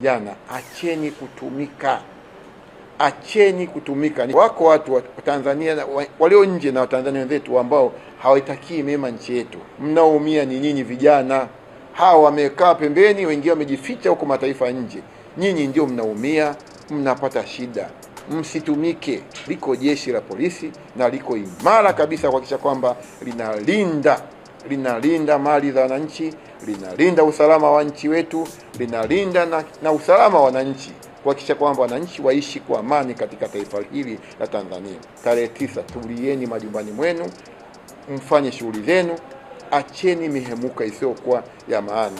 Vijana, acheni kutumika, acheni kutumika. Wako watu wa Tanzania walio nje na Watanzania wenzetu ambao hawaitakii mema nchi yetu. Mnaoumia ni nyinyi vijana. Hawa wamekaa pembeni, wengine wamejificha huko mataifa nje. Nyinyi ndio mnaumia, mnapata shida. Msitumike. Liko jeshi la polisi na liko imara kabisa kuhakikisha kwamba linalinda linalinda mali za wananchi, linalinda usalama wa nchi wetu, linalinda na, na usalama wa wananchi kuhakikisha kwamba wananchi waishi kwa amani katika taifa hili la Tanzania. Tarehe tisa, tulieni majumbani mwenu mfanye shughuli zenu, acheni mihemuka isiyokuwa ya maana.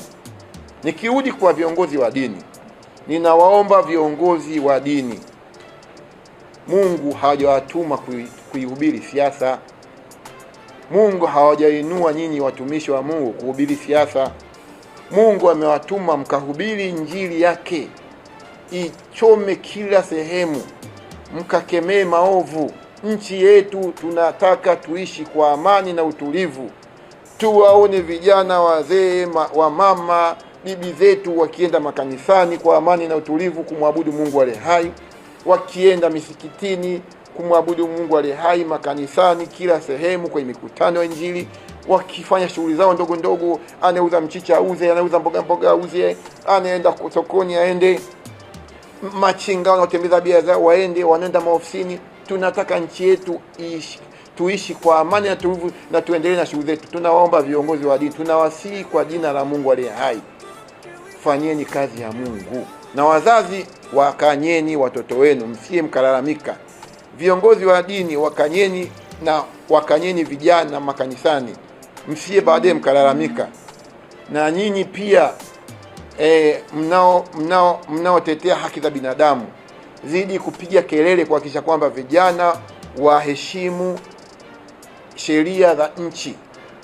Nikirudi kwa viongozi wa dini, ninawaomba viongozi wa dini, Mungu hajawatuma kuihubiri siasa. Mungu hawajainua nyinyi watumishi wa Mungu kuhubiri siasa. Mungu amewatuma mkahubiri injili yake, ichome kila sehemu, mkakemee maovu. Nchi yetu tunataka tuishi kwa amani na utulivu, tuwaone vijana, wazee, wa mama, bibi zetu wakienda makanisani kwa amani na utulivu kumwabudu Mungu aliye hai, wakienda misikitini kumwabudu Mungu aliye hai makanisani, kila sehemu, kwenye mikutano ya Injili, wakifanya shughuli zao ndogo ndogo. Anauza mchicha auze, anauza mboga mboga auze, anaenda sokoni aende, machinga wanaotembeza bia zao waende, wanaenda maofisini. Tunataka nchi yetu iishi tuishi kwa amani na tulivu na tuendelee na shughuli zetu. Tunawaomba viongozi wa dini, tunawasihi kwa jina la Mungu aliye hai, fanyeni kazi ya Mungu. Na wazazi, wakanyeni watoto wenu, msiye mkalalamika viongozi wa dini wakanyeni na wakanyeni vijana makanisani, msiye baadaye mkalalamika. Na nyinyi pia e, mnao mnao mnaotetea haki za binadamu, zidi kupiga kelele kuhakikisha kwamba vijana waheshimu sheria za nchi,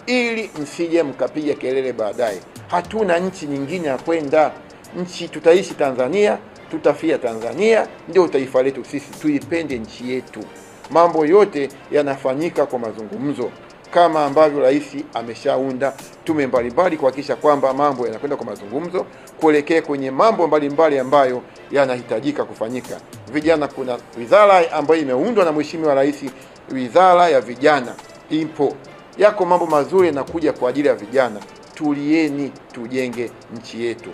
ili msije mkapiga kelele baadaye. Hatuna nchi nyingine ya kwenda, nchi tutaishi Tanzania tutafia Tanzania, ndio taifa letu sisi, tuipende nchi yetu. Mambo yote yanafanyika kwa mazungumzo, kama ambavyo rais ameshaunda tume mbalimbali kuhakikisha kwamba mambo yanakwenda kwa mazungumzo kuelekea kwenye mambo mbalimbali ambayo yanahitajika kufanyika. Vijana, kuna wizara ambayo imeundwa na mheshimiwa rais, wizara ya vijana ipo. Yako mambo mazuri yanakuja kwa ajili ya vijana. Tulieni, tujenge nchi yetu.